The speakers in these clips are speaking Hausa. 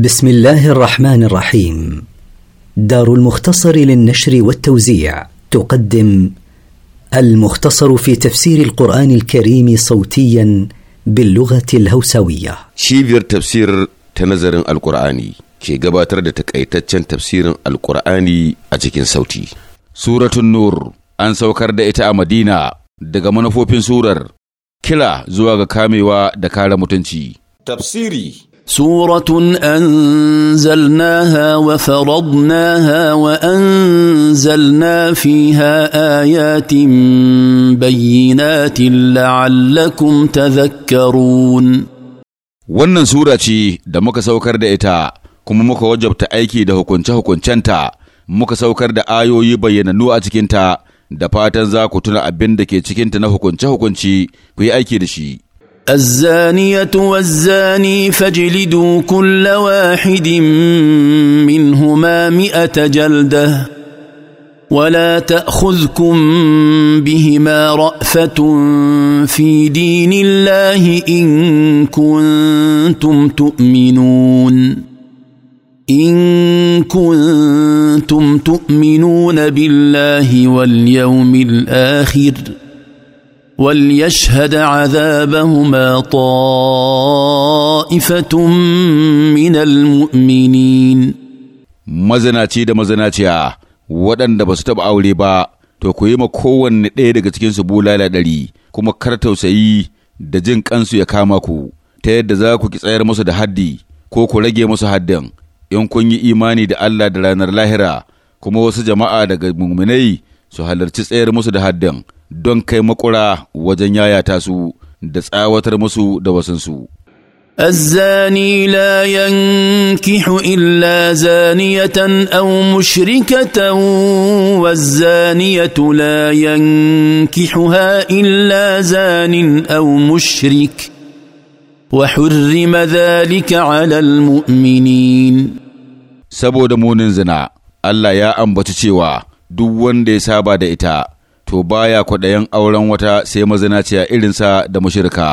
بسم الله الرحمن الرحيم دار المختصر للنشر والتوزيع تقدم المختصر في تفسير القرآن الكريم صوتيا باللغة الهوسوية شيفير تفسير تنظر القرآني كي قباتر تكأيتتشن تفسير القرآني أجيكين صوتي سورة النور أن سوكر دائتا مدينة دقا manufofin surar kila zuwa ga kamewa da kare mutunci سوره انزلناها وفرضناها وانزلنا فيها ايات بينات لعلكم تذكرون wannan sura ce da muka saukar da ita kuma muka wajabta aiki da hukunce-hukuncenta muka saukar da ayoyi bayyananu a cikinta da fatan za ku tuna abin da ke cikinta na hukunce-hukunci ku yi aiki da shi الزانية والزاني فاجلدوا كل واحد منهما مئة جلدة ولا تأخذكم بهما رأفة في دين الله إن كنتم تؤمنون إن كنتم تؤمنون بالله واليوم الآخر ۖ وليشهد عذابهما طائفة من المؤمنين mazinaci da mazinaciya waɗanda ba su taɓa aure ba to ku yi ma kowanne ɗaya daga cikinsu bulala ɗari kuma kar tausayi da jin kansu ya kama ku ta yadda za ku ki tsayar musu da haddi ko ku rage musu haddin in kun yi imani da Allah da ranar lahira kuma wasu jama'a daga muminai su halarci tsayar musu da haddin don kai makura wajen yayata su da tsawatar musu da wasansu. الزاني لا ينكح إلا زانية أو مشركة والزانية لا ينكحها إلا زان أو مشرك وحرم ذلك على المؤمنين saboda munin zina Allah ya ambaci cewa duk wanda ya saba da ita to baya kwaɗayin auren wata sai mazinaciya irinsa da mushirka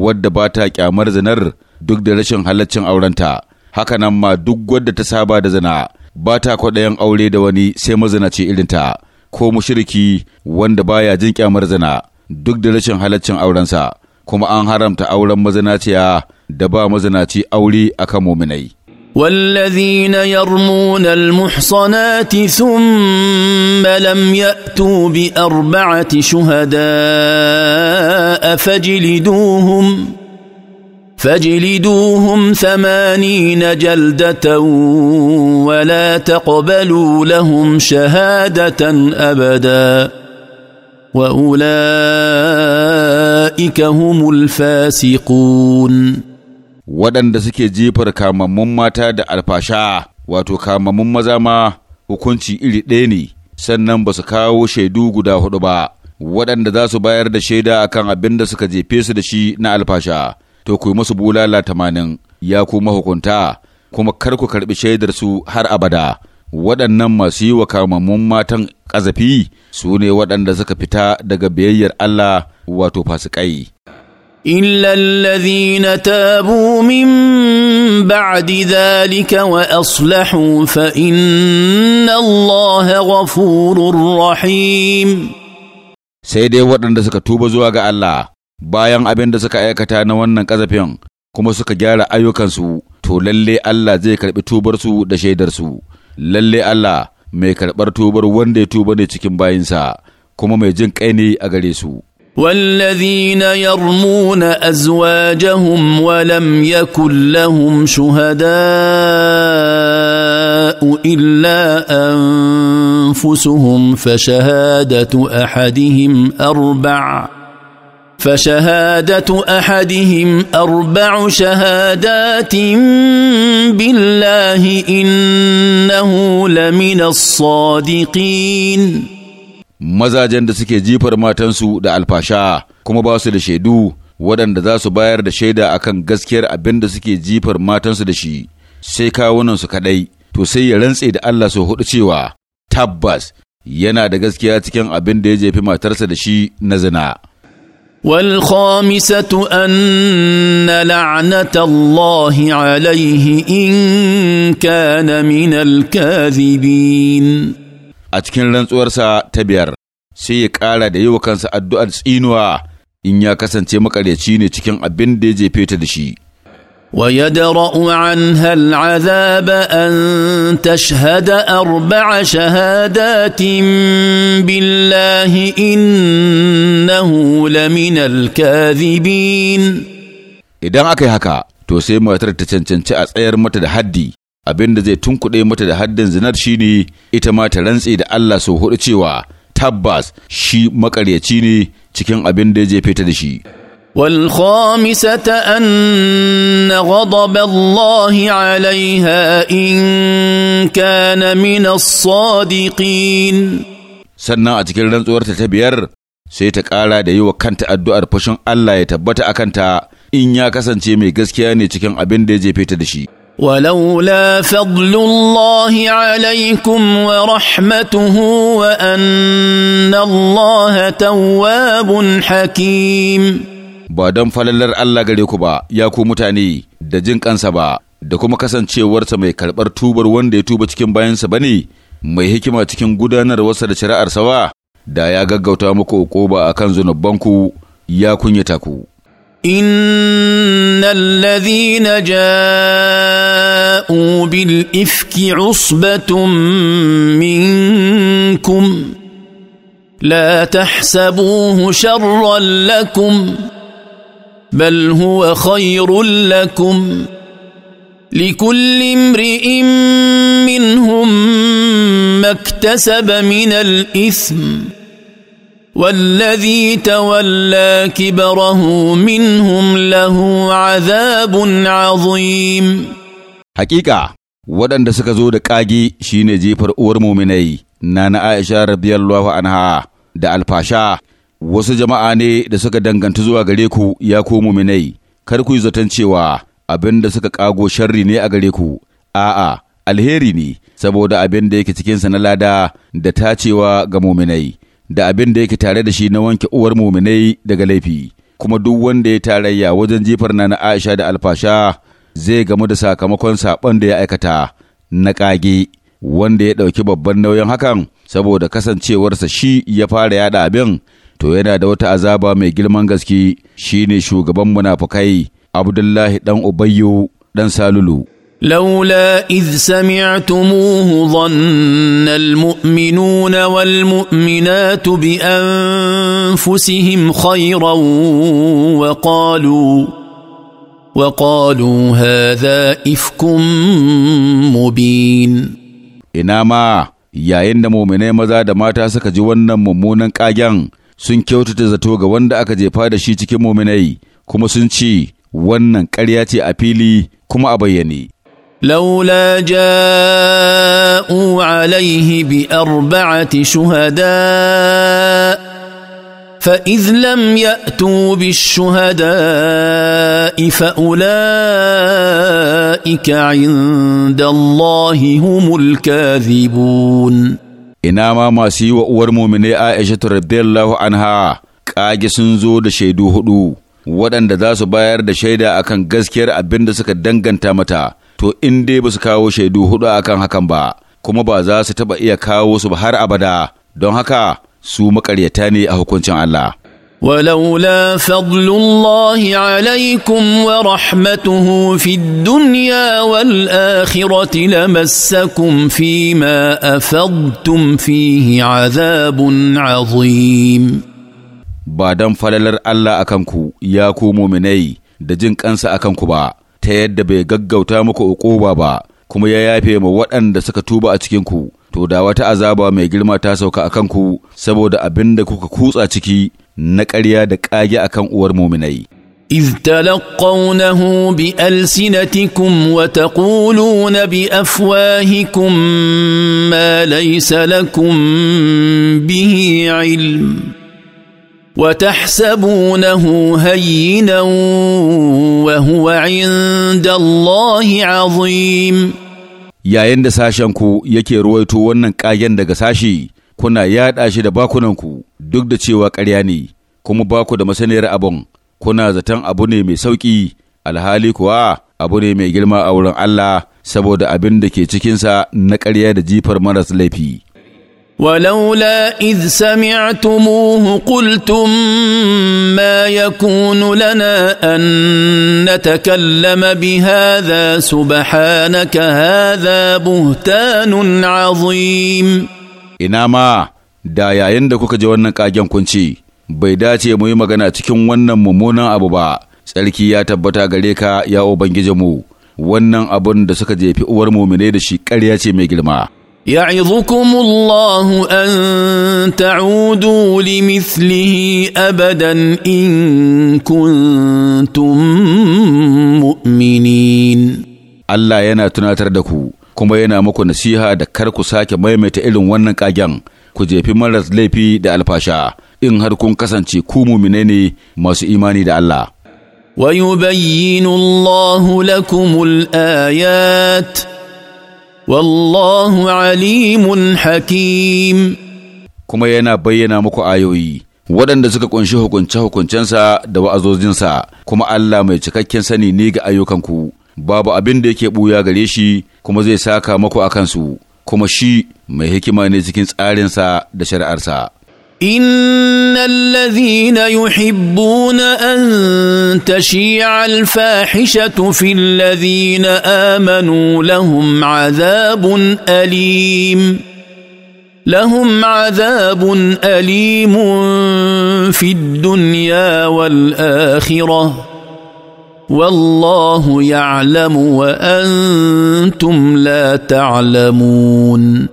wadda ba ta kyamar zinar duk da rashin halaccin aurenta hakanan ma duk wadda ta saba da zina ba ta kwaɗayin aure da wani sai mazinaci irinta ko mushiriki wanda baya jin kyamar zina duk da rashin halaccin aurensa kuma an haramta auren mazinaciya da ba mazinaci aure akan muminai والذين يرمون المحصنات ثم لم ياتوا باربعه شهداء فجلدوهم فاجلدوهم ثمانين جلده ولا تقبلوا لهم شهاده ابدا واولئك هم الفاسقون waɗanda suke jefar kamammun mata da alfasha wato kamammun maza ma hukunci iri ɗaya ne sannan ba su kawo shaidu guda hudu ba waɗanda za su bayar da shaida akan abin da suka jefe su da shi na alfasha to ku yi musu bulala tamanin ya ku hukunta kuma kar ku karɓi shaidar su har abada waɗannan masu yi wa kamammun matan ƙazafi su ne waɗanda suka fita daga biyayyar Allah wato fasikai. الا الذين تابوا من بعد ذلك واصلحوا فان الله غفور رحيم sai dai waɗanda suka tuba zuwa ga Allah bayan abin da suka aikata na wannan ƙazafin kuma suka gyara ayyukansu to lalle Allah zai karɓi tubarsu da shaidarsu lalle Allah mai karɓar tubar wanda ya tuba ne cikin bayinsa kuma mai jin ƙaini ne a gare su والذين يرمون ازواجهم ولم يكن لهم شهداء الا انفسهم فشهاده احدهم اربع فشهاده احدهم اربع شهادات بالله انه لمن الصادقين mazajen da suke jifar matansu da alfasha kuma ba su da shaidu waɗanda za su bayar da shaida akan gaskiyar abin da suke jifar matansu da shi sai kawunansu kaɗai to sai ya rantse da Allah su hudu cewa tabbas yana da gaskiya cikin abin da ya jefi matarsa da shi na zina. والخامسة أن لعنة الله عليه إن كان من الكاذبين a cikin rantsuwarsa ta biyar sai ya ƙara da yi wa kansa addu'ar tsinuwa in ya kasance makaryaci ne cikin abin da ya jefe ta da shi. ويدرأ عنها العذاب أن تشهد أربع شهادات بالله إنه لمن Idan aka yi haka, to sai matar ta cancanci a tsayar mata da haddi abin da zai tunkuɗe mata da haddin zinar shine ita ma ta rantse da Allah sau hudu cewa tabbas shi makaryaci ne cikin abin da ya jefe ta da shi والخامسة أن غضب الله عليها إن كان من الصادقين sannan a cikin rantsuwarta ta biyar sai ta ƙara da yi wa kanta addu'ar fashin Allah ya tabbata a kanta in ya kasance mai gaskiya ne cikin abin da ya jefe ta da shi. ولولا فضل الله عليكم ورحمته وأن الله تواب حكيم ba don falallar Allah gare ku ba ya ku mutane da jin kansa ba da kuma kasancewarsa mai karɓar tubar wanda ya tuba cikin bayansa ba ne mai hikima cikin gudanarwarsa da shari'arsa ba da ya gaggauta muku uku ba a kan zunubanku ya kunyata ku. ان الذين جاءوا بالافك عصبه منكم لا تحسبوه شرا لكم بل هو خير لكم لكل امرئ منهم ما اكتسب من الاثم والذي تولى كبره منهم له عذاب عظيم حقيقة waɗanda suka zo da ƙage shine jefar uwar muminai na na Aisha radiyallahu anha da alfasha wasu jama'a ne da suka danganta zuwa gare ku ya ko muminai kar ku yi zaton cewa abin da suka ƙago sharri ne a gare ku a'a alheri ne saboda abin da yake cikinsa na lada da tacewa ga muminai da abin da yake tare da shi na wanke uwar muminai daga laifi kuma duk wanda ya tarayya wajen jifar na Aisha da alfasha zai gamu da sakamakon saɓon da ya aikata na ƙage wanda ya ɗauki babban nauyin hakan saboda kasancewarsa shi ya fara yada abin to yana da wata azaba mai girman gaske shine shugaban munafukai Abdullahi dan Ubayyu dan Salulu لولا اذ سمعتموه ظن المؤمنون والمؤمنات بانفسهم خيرا وقالوا وقالوا هذا افك مبين ina ma yayin da muminai maza da mata suka ji wannan mummunan kagen sun kyautata zato ga wanda aka jefa da shi cikin muminai kuma sun ce wannan ƙarya ce a fili kuma a bayyane لولا جاءوا عليه باربعه شهداء فاذ لم ياتوا بالشهداء فاولئك عند الله هم الكاذبون انما ما سيوا uwar muminai aisha radiyallahu anha kage sun zo da shaidu huɗu, waɗanda za su bayar da shaida akan gaskiyar abin da suka danganta mata to in dai ba su kawo shaidu hudu akan hakan ba kuma ba za su taɓa iya kawo su ba har abada don haka su maƙaryata ne a hukuncin Allah ولولا فضل الله عليكم ورحمته في الدنيا والاخره لمسكم فيما افضتم فيه عذاب عظيم ba dan falalar Allah akan ku ya ku muminai da jin ƙansa a kanku ba ta yadda bai gaggauta muku uquba ba kuma ya yafe ma waɗanda suka tuba a cikin ku to da wata azaba mai girma ta sauka akan ku saboda abin da kuka kutsa ciki na ƙarya da ƙage akan uwar muminai إذ تلقونه بألسنتكم وتقولون بأفواهكم ما ليس لكم bihi علم وتحسبونه هينا وهو عند الله عظيم yayin da sashenku yake ruwaito wannan ƙagen daga sashi kuna yaɗa shi da bakunanku duk da cewa ƙarya ne kuma baku da masaniyar abun kuna zaton abu ne mai sauƙi alhali kuwa abu ne mai girma a wurin Allah saboda abin da ke cikinsa na ƙarya da jifar maras laifi ولولا اذ سمعتموه قلتم ما يكون لنا ان نتكلم بهذا سبحانك هذا بهتان عظيم ina ma da yayin da kuka ji wannan kagen kunci bai dace mu yi magana cikin wannan mummunan abu ba tsarki ya tabbata gare ka ya ubangijinmu wannan abun da suka jefi uwar mumine da shi ƙarya ce mai girma يعظكم الله ان تعودوا لمثله ابدا ان كنتم مؤمنين Allah yana tunatar da ku kuma yana muku nasiha da kar ku sake maimaita irin wannan kagen ku jefi maras laifi da alfasha in har kun kasance ku mumine ne masu imani da Allah ويبين الله لكم الايات Wallahu عليم Hakim. kuma yana bayyana muku ayoyi waɗanda suka ƙunshi hukunce-hukuncensa da wa'azojinsa, kuma Allah mai cikakken sani ne ga ayyukanku babu abin da yake ɓuya gare shi kuma zai saka muku a kansu kuma shi mai hikima ne cikin tsarinsa da shari'arsa. ان الذين يحبون ان تشيع الفاحشه في الذين امنوا لهم عذاب اليم لهم عذاب اليم في الدنيا والاخره والله يعلم وانتم لا تعلمون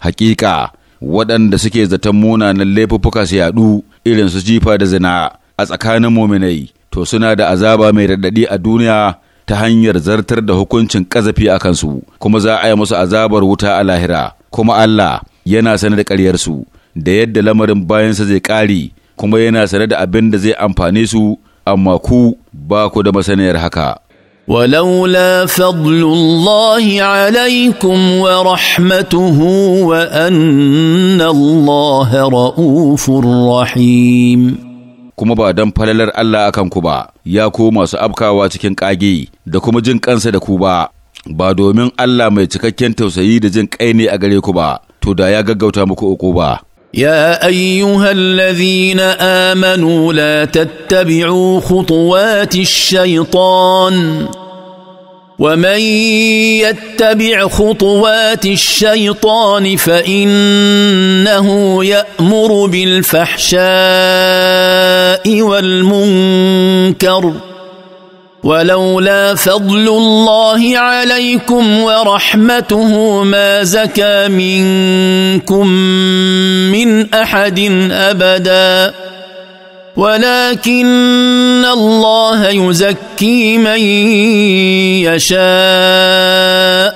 حقيقه waɗanda suke zaton munanan laifuffuka su yaɗu irin su jifa da zina a tsakanin muminai to suna da azaba mai raɗaɗi a duniya ta hanyar zartar da hukuncin ƙazafi a kansu kuma za a yi musu azabar wuta a lahira kuma Allah yana sanar da ƙaryarsu da yadda lamarin bayansa zai ƙare kuma yana sanar da abin da zai amfane su amma ku ba ku da masaniyar haka ولولا فضل الله عليكم ورحمته وأن الله رؤوف رحيم kuma ba don falalar Allah akan ku ba, ya ko masu afkawa cikin ƙage da kuma jin kansa da ku ba, ba domin Allah mai cikakken tausayi da jin ƙai ne a gare ku ba, to da ya gaggauta muku uku ba. يا ايها الذين امنوا لا تتبعوا خطوات الشيطان ومن يتبع خطوات الشيطان فانه يامر بالفحشاء والمنكر ولولا فضل الله عليكم ورحمته ما زكى منكم من احد ابدا ولكن الله يزكي من يشاء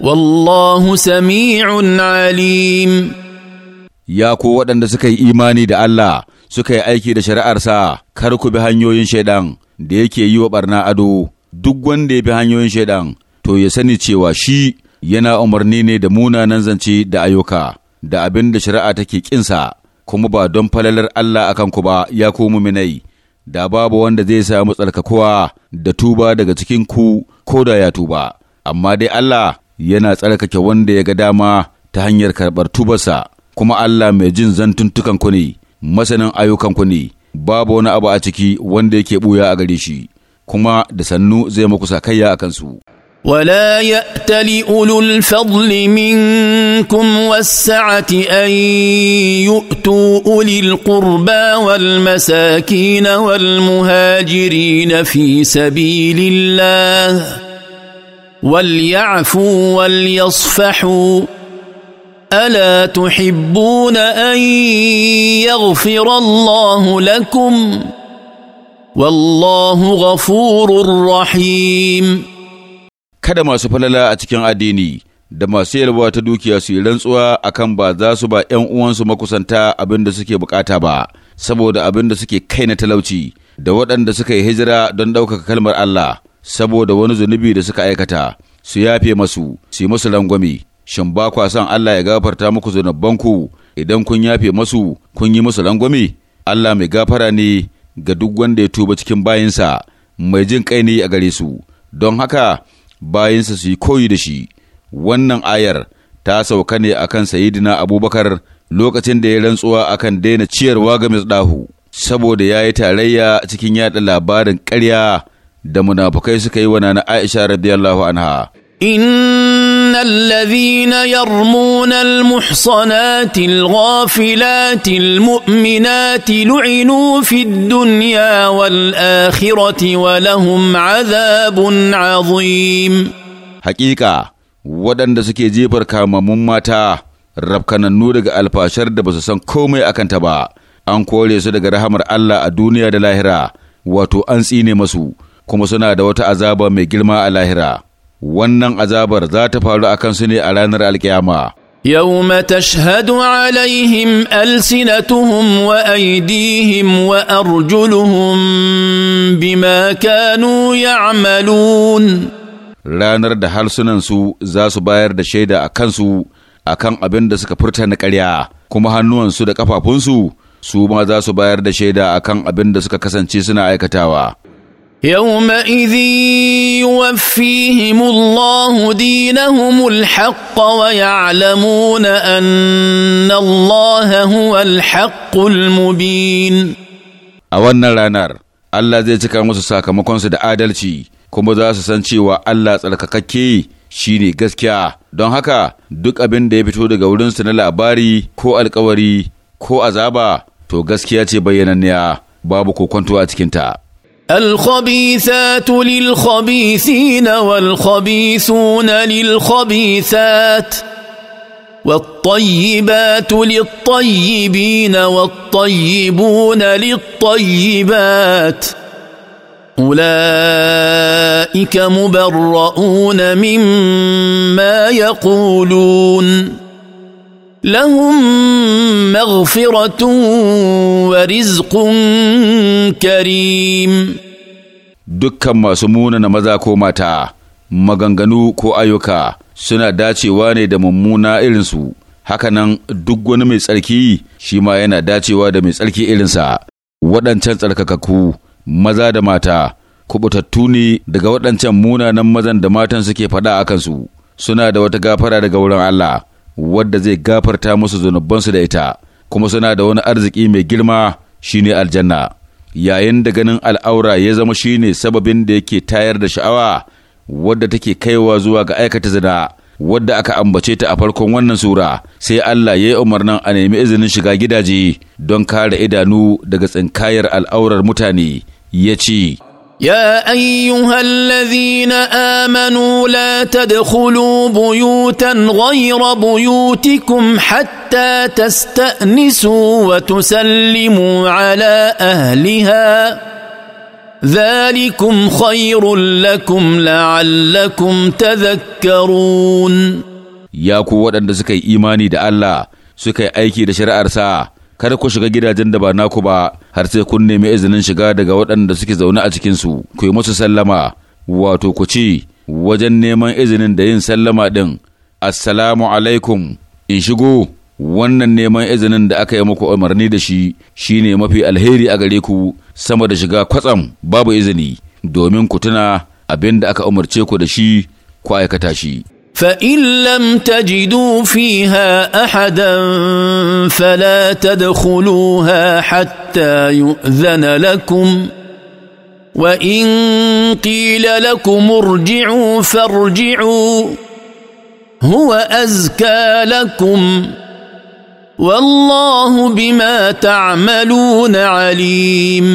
والله سميع عليم يا قوة ان suka ايماني دا الله سكي ايكي دا شرع ارسا كاركو kar ku شيدان da yake yi wa barna ado duk wanda ya bi hanyoyin shaidan to ya sani cewa shi yana umarni ne da munanan zance da ayyuka da abin da shari'a take kinsa kuma ba don falalar Allah akan ku ba ya ku minai da babu wanda zai samu tsarkakuwa da tuba daga cikin ku ko da ya tuba amma dai Allah yana tsarkake wanda ya ga dama ta hanyar karɓar tubarsa kuma Allah mai jin zantuntukan ku ne masanin ayyukan ku ne babu wani abu a ciki wanda yake buya a gare shi kuma da sannu zai muku sakayya a kansu ولا يأتل أولو الفضل منكم والسعة أن يؤتوا أولي القربى والمساكين والمهاجرين في سبيل الله وليعفوا وليصفحوا الا تحبون ان يغفر الله لكم والله غفور رحيم kada masu falala a cikin addini da masu yalwa ta dukiya su yi rantsuwa akan ba za su ba 'yan uwansu makusanta abin da suke bukata ba saboda abin da suke kai na talauci da waɗanda suka yi hijira don ɗaukaka kalmar Allah saboda wani zunubi da suka aikata su yafe masu su yi musu rangwame shin ba kwa son Allah ya gafarta muku zunubanku idan kun yafe masu kun yi musu langwame Allah mai gafara ne ga duk wanda ya tuba cikin bayinsa mai jin kai ne a gare su don haka bayinsa su yi koyi da shi wannan ayar ta sauka ne a akan sayidina abubakar lokacin da ya rantsuwa akan daina ciyarwa ga misdahu saboda ya yi tarayya cikin yaɗa labarin ƙarya da munafukai suka yi wa nana aisha radiyallahu anha ان الذين يرمون المحصنات الغافلات المؤمنات لعنوا في الدنيا والاخره ولهم عذاب عظيم حقيقه waɗanda suke jefar kamammun mata rafkanannu daga alfashar da ba su san komai akan ta ba an kore su daga rahamar Allah a duniya da lahira wato an tsine masu kuma suna da wata azaba mai girma a lahira wannan azabar za ta faru a kansu ne a ranar alkiyama. يوم تشهد عليهم ألسنتهم وأيديهم وأرجلهم بما ya يعملون ranar da harsunansu za su bayar da shaida a kansu a kan abin da suka furta na karya, kuma hannuwansu da ƙafafunsu su ma za su bayar da shaida a kan abin da suka kasance suna aikatawa يومئذ يوفيهم الله دينهم الحق ويعلمون ان الله هو الحق المبين a wannan ranar Allah zai cika musu sakamakonsu da adalci kuma za su san cewa Allah tsarkakakke shi ne gaskiya don haka duk abin da ya fito daga wurinsu na labari ko alkawari ko azaba to gaskiya ce bayyananniya babu kokwanto a cikinta. الخبيثات للخبيثين والخبيثون للخبيثات والطيبات للطيبين والطيبون للطيبات اولئك مبرؤون مما يقولون لهم مغفرة ورزق كريم dukkan masu munana maza ko mata maganganu ko ayyuka suna dacewa ne da mummuna irinsu hakanan duk wani mai tsarki shi ma yana dacewa da mai tsarki irinsa waɗancan tsarkakakku maza da mata kubutattu ne daga waɗancan munanan mazan da matan suke faɗa a kansu suna da wata gafara daga wurin Allah wadda zai gafarta musu zunubansu da ita kuma suna da wani arziki mai girma shine aljanna yayin da ganin al'aura ya zama shine sababin da yake tayar da sha'awa wadda take kaiwa zuwa ga aikata zina wadda aka ambace ta a farkon wannan sura sai Allah ya yi umarnin a nemi izinin shiga gidaje don kare idanu daga tsinkayar al'aurar mutane ya ce يا ايها الذين امنوا لا تدخلوا بيوتا غير بيوتكم حتى تستانسوا وتسلموا على اهلها ذلكم خير لكم لعلكم تذكرون يا قوة أن سكي إيماني دا الله سكي أيكي دا شرع kada ku shiga gidajen da ba naku ba har sai kun nemi izinin shiga daga waɗanda suke zaune a cikinsu ku yi musu sallama wato ku ci wajen neman izinin da yin sallama ɗin assalamu alaikum in shigo wannan neman izinin da aka yi muku umarni da shi shine mafi alheri a gare ku sama da shiga kwatsam babu izini domin ku tuna abin da aka umarce ku da shi ku aikata shi فان لم تجدوا فيها احدا فلا تدخلوها حتى يؤذن لكم وان قيل لكم ارجعوا فارجعوا هو ازكى لكم والله بما تعملون عليم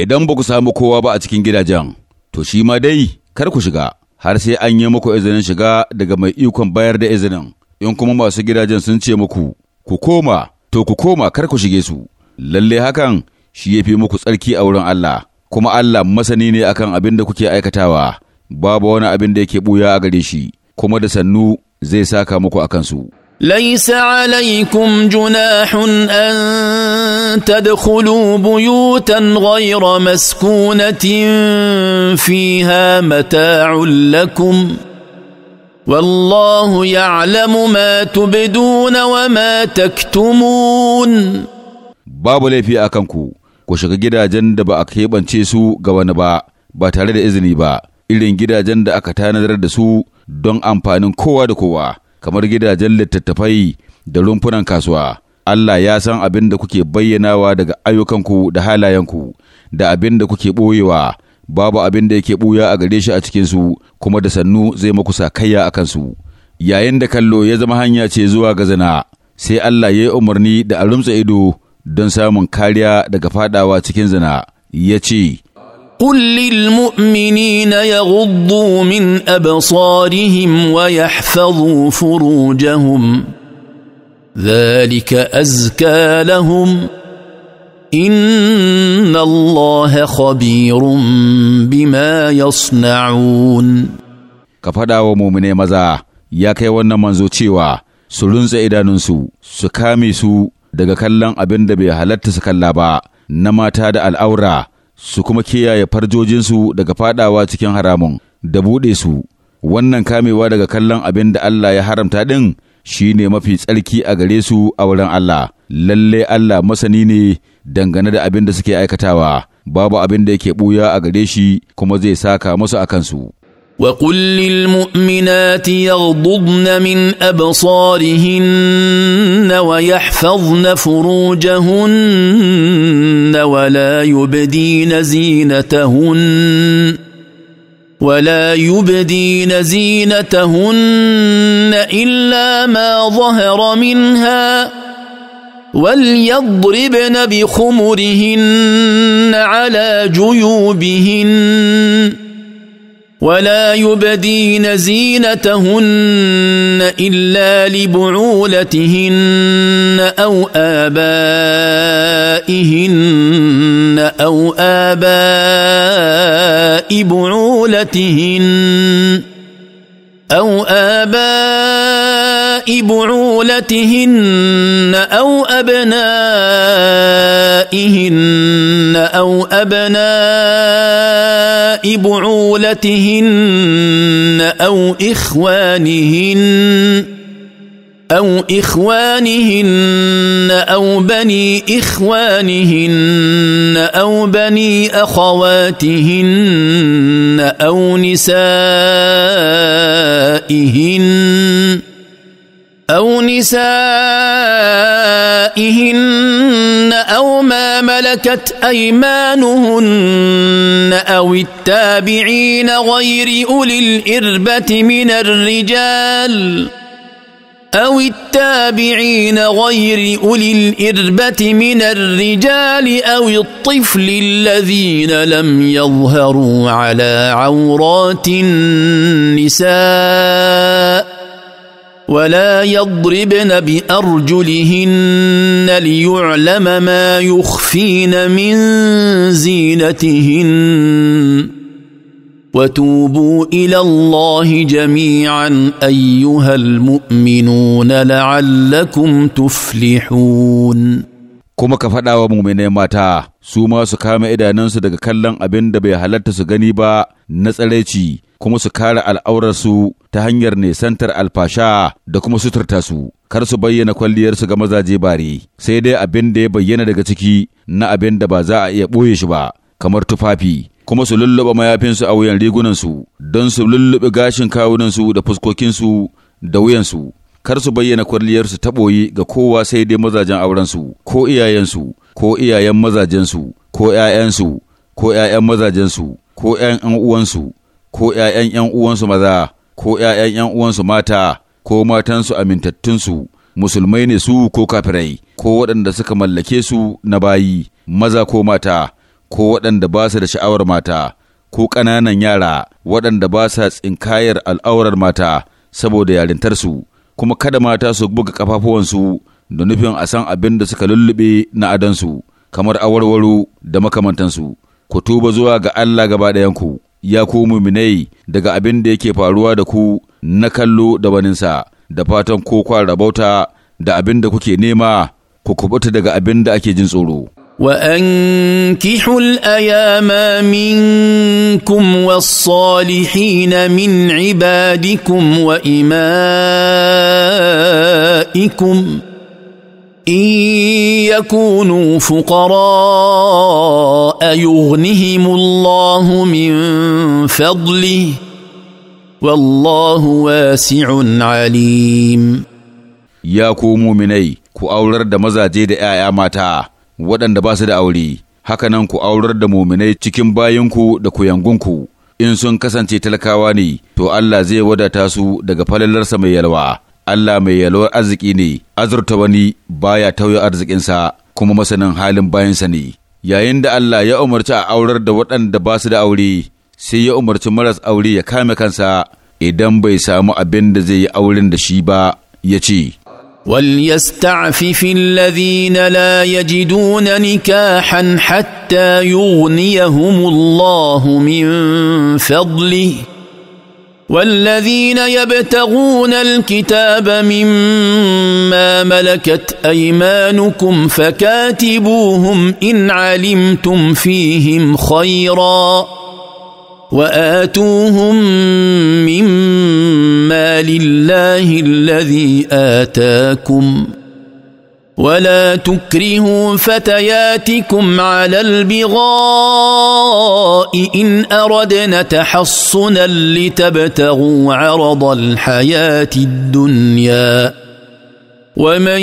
idan ba ku samu kowa ba a cikin gidajen to shi ma dai kar ku shiga har sai an yi muku izinin shiga daga mai ikon bayar da izinin, in kuma masu gidajen sun ce muku, ku koma, to ku koma kar ku shige su, lalle hakan shi ya fi muku tsarki a wurin Allah, kuma Allah masani ne akan abin da kuke aikatawa, babu wani abin da yake buya a gare shi, kuma da sannu zai saka muku akan su ليس عليكم جناح ان تدخلوا بيوتا غير مسكونه فيها متاع لكم والله يعلم ما تبدون وما تكتمون babu laifi a kan ku shiga gidajen da ba a keɓance su ga wani ba ba tare da izini ba irin gidajen da aka tanadar da su don amfanin kowa da kowa kamar gidajen littattafai da rumfunan kasuwa. Allah ya san abin da kuke bayyanawa daga ayyukanku da halayenku, da abin da kuke ɓoyewa, babu abin da yake ɓuya a gare shi a cikinsu, kuma da sannu zai maku kayya a kansu. Yayin da kallo ya zama hanya ce zuwa ga zina, sai Allah ya yi umarni da a rumtsa ido don samun kariya daga fadawa cikin zina, ya ce, قل للمؤمنين يغضوا من ابصارهم ويحفظوا فروجهم ذلك ازكى لهم ان الله خبير بما يصنعون ka faɗa wa maza ya kai wannan manzo cewa su runtse idanunsu su kame su daga kallon abin da bai halatta su kalla ba na mata da al'aura su kuma kiyaye farjojinsu daga fadawa cikin haramun da buɗe su wannan kamewa daga kallon abin da Allah ya haramta ɗin shi ne mafi tsarki a gare su a wurin Allah lalle Allah masani ne dangane da abin da suke aikatawa babu abin da yake ɓuya a gare shi kuma zai saka musu a kansu. وقل للمؤمنات يغضضن من ابصارهن ويحفظن فروجهن ولا يبدين زينتهن ولا يبدين زينتهن الا ما ظهر منها وليضربن بخمرهن على جيوبهن ولا يبدين زينتهن الا لبعولتهن او ابائهن او اباء بعولتهن او اباء بعولتهن او ابنائهن او ابنائهن بعولتهن أو إخوانهن أو إخوانهن أو بني إخوانهن أو بني أخواتهن أو نسائهن أو نسائهن أو ما ملكت ايمانهن او التابعين غير اولي الاربه من الرجال او التابعين غير اولي الاربه من الرجال او الطفل الذين لم يظهروا على عورات النساء ولا يضربن بارجلهن ليعلم ما يخفين من زينتهن وتوبوا الى الله جميعا ايها المؤمنون لعلكم تفلحون kuma ka faɗa wa muminai mata su ma su kame idanunsu daga kallon abin da bai halatta su gani ba na tsaraici kuma su kare al'aurarsu ta hanyar nesantar alfasha da kuma suturta su, kar su bayyana kwalliyarsu ga mazaje bare, sai dai abin da ya bayyana daga ciki na abin da ba za a iya ɓoye shi ba, kamar tufafi, kuma su lulluɓe mayafinsu a wuyan rigunansu don su lulluɓe gashin kawunansu da fuskokinsu da wuyansu. Kar su bayyana kwalliyarsu ta ɓoyi ga kowa sai dai mazajen aurensu, ko iyayensu, ko iyayen mazajensu, ko ‘ya'yansu, ko ‘ya'yan mazajensu, ko ‘yan uwansu, ko ‘ya'yan ‘yan uwansu maza, ko ‘ya'yan ‘yan uwansu mata, ko matansu amintattunsu, musulmai ne su ko kafirai, ko waɗanda suka mallake su na bayi, maza ko mata, ko waɗanda ba su da sha'awar mata, ko ƙananan yara, waɗanda ba sa tsinkayar al'aurar mata saboda yarintarsu, kuma kada mata su buga ƙafafuwansu da nufin a san abin da suka lullube na adansu, kamar awarwaro da makamantansu, ku tuba zuwa ga Allah gaba ɗayanku. ya ku muminai daga abin da yake faruwa da ku na kallo da waninsa da fatan ko kwa rabauta da abin da kuke nema ku kubuta daga abin da ake jin tsoro Wa وأنكحوا الأيام منكم والصالحين من عبادكم وإمائكم ان يكونوا فقراء يغنهم الله من فضله والله واسع عليم ya ku muminai ku aurar da mazaje da ‘ya'ya mata waɗanda ba su da aure, hakanan ku aurar da muminai cikin bayanku da kuyangunku, in sun kasance talakawa ne, to Allah zai wadata su daga falalarsa mai yalwa. Allah mai yalwar arziki ne, azurta wani baya tauye arzikinsa kuma masanin halin bayansa ne. Yayin da Allah ya umarci a aurar da waɗanda ba su da aure, sai ya umarci maras aure ya kame kansa idan bai samu abin da zai yi auren da shi ba, ya ce, وليستعفف الذين لا يجدون نكاحا حتى يغنيهم الله من فضله والذين يبتغون الكتاب مما ملكت ايمانكم فكاتبوهم ان علمتم فيهم خيرا واتوهم مما لله الذي اتاكم ولا تكرهوا فتياتكم على البغاء ان اردنا تحصنا لتبتغوا عرض الحياه الدنيا ومن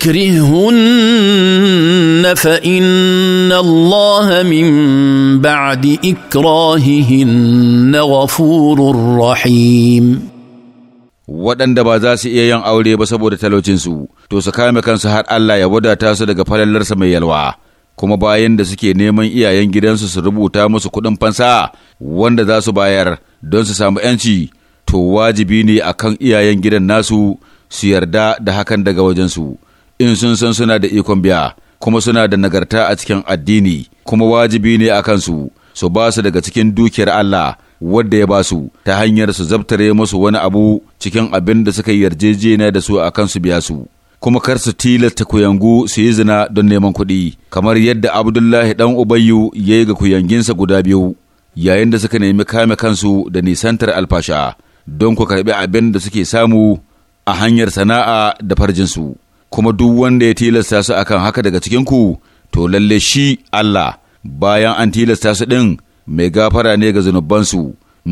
يكرهن فان الله من بعد اكراههن غفور رحيم waɗanda ba za su iya yin aure ba saboda talaucinsu, to su kame kansu har Allah ya wadata su daga falalarsa mai yalwa, kuma bayan da suke neman iyayen gidansu su rubuta musu kuɗin fansa wanda za su bayar don su samu ‘yanci, to wajibi ne a kan iyayen gidan nasu su yarda da hakan daga wajensu, in sun san suna da ikon biya, kuma suna da nagarta a cikin addini, kuma wajibi ne a kansu, su ba su daga cikin dukiyar Allah. wadda ya ba su. ta hanyar su zabtare musu wani abu cikin abin da suka yarjejeniya da su a su biya su kuma kar su tilasta kuyangu su yi zina don neman kuɗi kamar yadda abdullahi dan ubayyu ya yi ga kuyanginsa guda biyu yayin da suka nemi kame kansu da nisantar alfasha don ku karɓi abin da suke samu a hanyar sana'a da farjin su. kuma duk wanda ya tilasta su akan haka daga cikin ku to lalle shi Allah bayan an tilasta su ɗin mai gafara ne ga zunubansu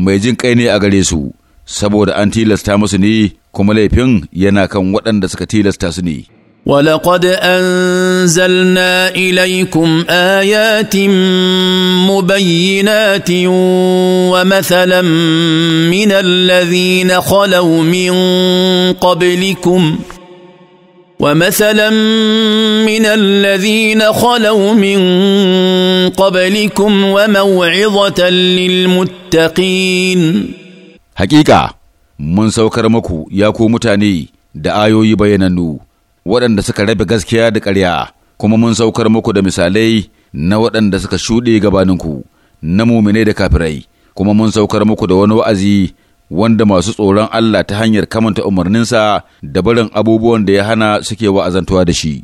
mai jin kai ne a gare su saboda an tilasta musu ne kuma laifin yana kan waɗanda suka tilasta su ne ولقد أنزلنا إليكم آيات مبينات ومثلا من الذين خلوا من قبلكم Wa ومثلا من الذين خلوا من قبلكم وموعظة للمتقين Haƙiƙa! mun saukar muku ya ku mutane da ayoyi bayanannu waɗanda suka rabe gaskiya da ƙarya kuma mun saukar muku da misalai na waɗanda suka shuɗe gabaninku na muminai da kafirai kuma mun saukar muku da wani wa'azi wanda masu tsoron Allah ta hanyar kamanta umarninsa da barin abubuwan da ya hana suke wa'azantuwa da shi.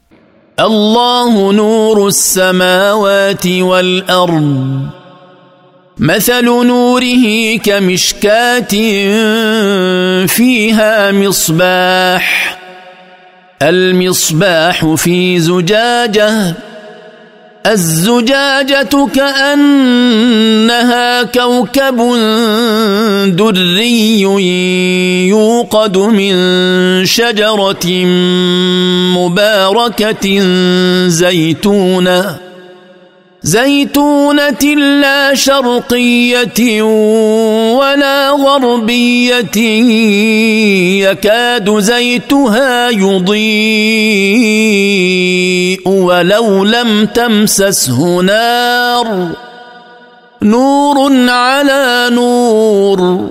الله نور السماوات والارض مثل نوره كمشكاه فيها مصباح المصباح في زجاجه الزجاجة كأنها كوكب دري يوقد من شجرة مباركة زيتونه زيتونة لا شرقية ولا غربية يكاد زيتها يضيء ولو لم تمسسه نار نور على نور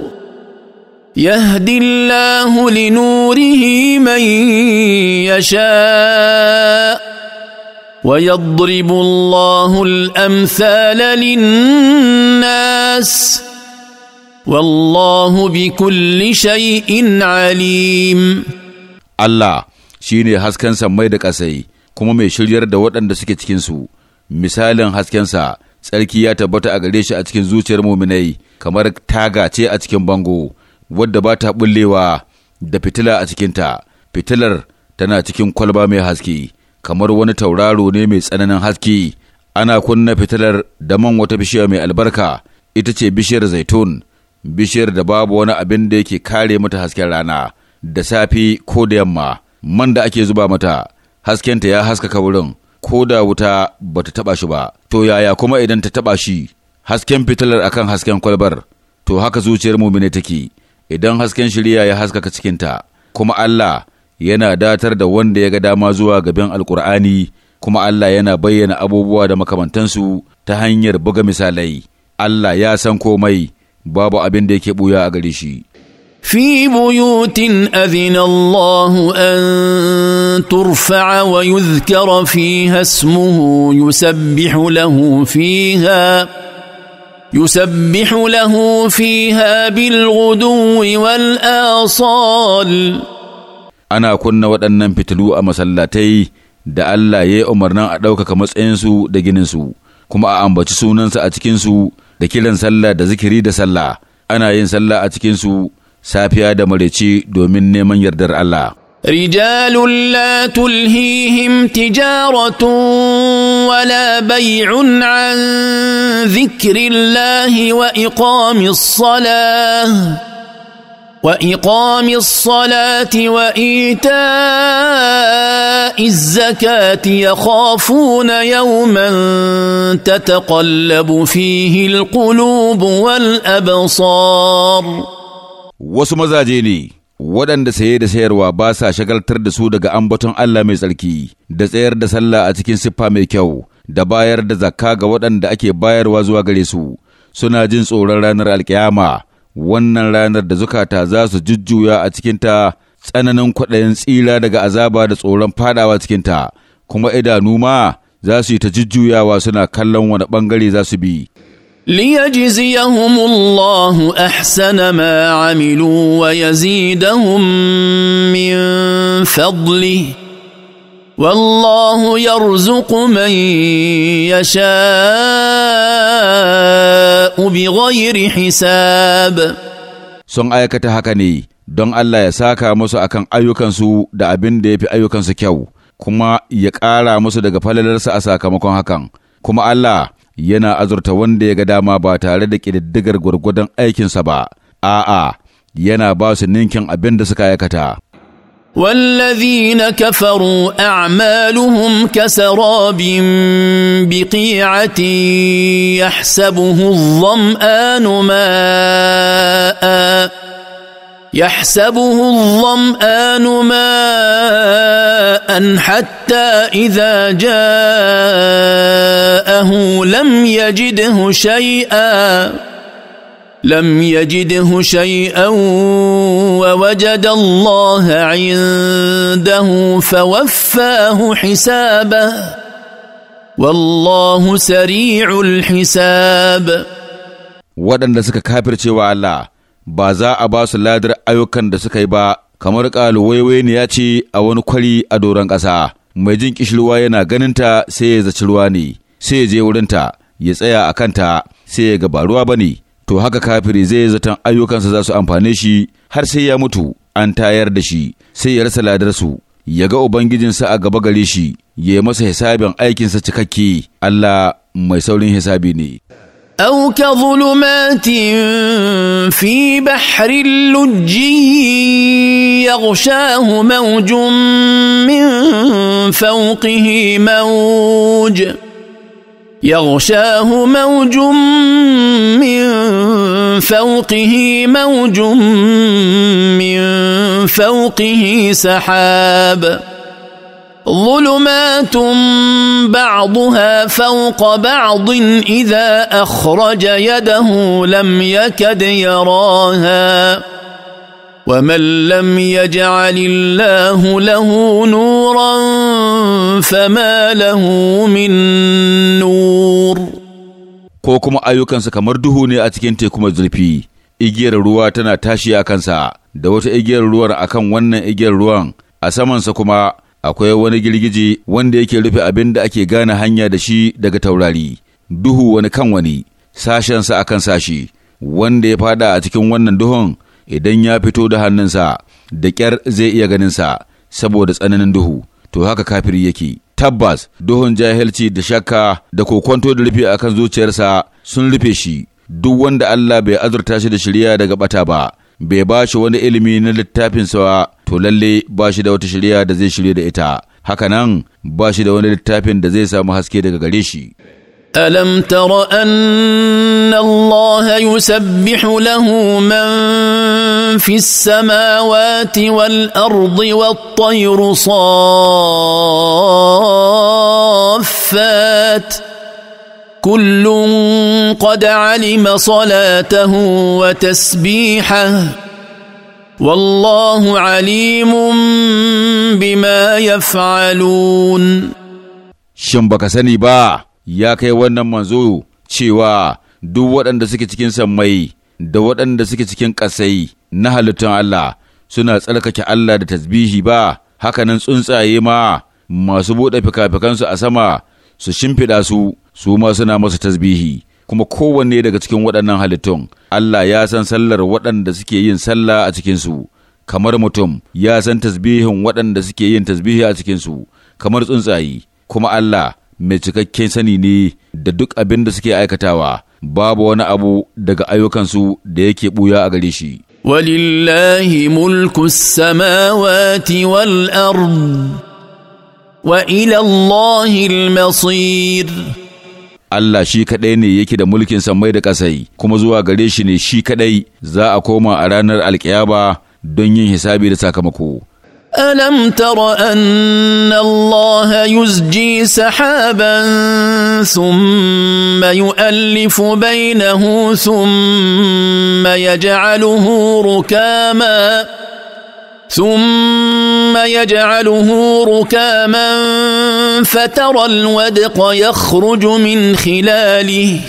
يهدي الله لنوره من يشاء ويضرب الله bi kulli والله بكل شيء عليم الله shine haskensa mai da ƙasai kuma mai shiryar da waɗanda suke cikinsu misalin haskensa tsarki ya tabbata a gare shi a cikin zuciyar muminai kamar taga ce a cikin bango wadda ba ta bullewa da fitila a cikinta fitilar tana cikin kwalba mai haske kamar wani tauraro ne mai tsananin haske ana kunna fitilar da man wata bishiya mai albarka ita ce bishiyar zaitun bishiyar da babu wani abin da yake kare mata hasken rana da safi ko da yamma man da ake zuba mata haskenta ya haskaka wurin ko da wuta ba ta taba shi ba to yaya kuma idan ta taba shi hasken fitilar akan hasken kwalbar to haka zuciyar mu mumine take idan hasken shirya ya haskaka cikinta kuma Allah yana datar da wanda ya ga dama zuwa gaban alkur'ani kuma Allah yana bayyana abubuwa da makamantansu ta hanyar buga misalai Allah ya san komai babu abin da yake buya a gare shi في بيوت أذن الله أن ترفع ويذكر فيها اسمه يسبح له فيها يسبح له فيها بالغدو والآصال ana kunna waɗannan fitilu a masallatai da Allah ya yi umarnin a ɗaukaka matsayinsu da gininsu, kuma a ambaci sunansa a cikinsu da kiran sallah da zikiri da sallah, ana yin sallah a cikinsu safiya da mareci domin neman yardar Allah. رجال لا تلهيهم تجارة ولا بيع عن ذكر الله وإقام الصلاة واقام الصلاه وايتاء الزكاه يخافون يوما تتقلب فيه القلوب والابصار wasu mazaje ne waɗanda saye da sayarwa ba sa shagaltar da su daga ambaton Allah mai tsarki da tsayar da sallah a cikin siffa mai kyau da bayar da zakka ga waɗanda ake bayarwa zuwa gare su suna jin tsoron ranar alkiyama wannan ranar da zukata za su jujjuya a cikinta tsananin kwaɗayin tsira daga azaba da tsoron fadawa cikinta, kuma idanu ma za su yi ta jujjuyawa suna kallon wani ɓangare za su bi. ليجزيهم الله احسن ما عملوا ويزيدهم من فضله والله يرزق من يشاء بغير حساب sun aikata haka ne don Allah ya saka musu a kan ayyukansu da abin da ya fi ayyukansu kyau kuma ya ƙara musu daga falalarsa a sakamakon hakan kuma Allah yana azurta wanda ya ga dama ba tare da ƙididdigar gwargwadon aikinsa ba a'a yana ba su ninkin abin da suka aikata والذين كفروا اعمالهم كسراب بقيعه يحسبه الظمان ماء يحسبه الظمان ماء حتى اذا جاءه لم يجده شيئا لم يجده شيئا ووجد الله عنده فوفاه حسابه والله سريع الحساب waɗanda suka kafirce wa Allah ba za a ba su ladar ayyukan da suka yi ba kamar ƙalu ne ya ce a wani kwari a doron ƙasa mai jin ƙishirwa yana ganinta sai ya zaci ruwa ne sai ya je wurinta ya tsaya a kanta sai ya gaba ruwa ba ne to haka kafiri zai zaton ayyukansa za su amfane shi har sai ya mutu an tayar da shi sai ya rasa ladarsu ya ga ubangijinsa a gaba gare shi ya yi masa hisabin aikinsa cikakke Allah mai saurin hisabi ne أو كظلمات في بحر لجي يغشاه موج من فوقه موج يغشاه موج من فوقه موج من فوقه سحاب ظلمات بعضها فوق بعض اذا اخرج يده لم يكد يراها ومن لم يجعل الله له نورا فما له من نور ko kuma ayyukansa kamar duhu ne a cikin teku mai zurfi igiyar ruwa tana tashi a kansa da wata igiyar ruwan akan wannan igiyar ruwan a samansa kuma akwai wani girgije wanda yake rufe abin da ake gane hanya da shi daga taurari duhu wani kan wani sashensa akan sashi wanda ya fada a cikin wannan duhun idan ya fito da hannunsa da ƙyar zai iya ganinsa saboda tsananin duhu to haka kafiri yake tabbas duhun jahilci da shakka da kokonto da rufe akan zuciyarsa sun rufe shi duk wanda Allah bai azurta shi da shirya daga bata ba bai ba shi wani ilimi na littafinsa to lalle ba shi da wata shirya da zai shirya da ita hakanan ba shi da wani littafin da zai samu haske daga gare shi ألم تر أن الله يسبح له من في السماوات والارض والطير صافات كل قد علم صلاته وتسبيحه والله عليم بما يفعلون شمبك سنبا يا كي ya منزو wannan دو ودن دسكي waɗanda da waɗanda suke cikin ƙasai na halittun Allah suna tsarkake Allah da tasbihi ba, hakanan tsuntsaye ma masu buɗe fikafikansu a sama su shimfiɗa su, su ma suna masu tasbihi. Kuma kowanne daga cikin waɗannan halittun, Allah ya san sallar waɗanda suke yin sallah a cikinsu, kamar mutum ya san tasbihin waɗanda suke yin tasbihi a cikinsu, kamar tsuntsaye, kuma Allah mai cikakken sani ne da duk abin da suke aikatawa. babu wani abu daga ayyukansu da yake ɓuya a gare shi. Walillahi mulku samawati wal ard wa ilallahi masir Allah shi kaɗai ne yake da mulkin sammai da ƙasai, kuma zuwa gare shi ne shi kaɗai za a koma a ranar alƙiyaba don yin hisabi da sakamako. الم تر ان الله يزجي سحابا ثم يؤلف بينه ثم يجعله ركاما ثم يجعله ركاما فترى الودق يخرج من خلاله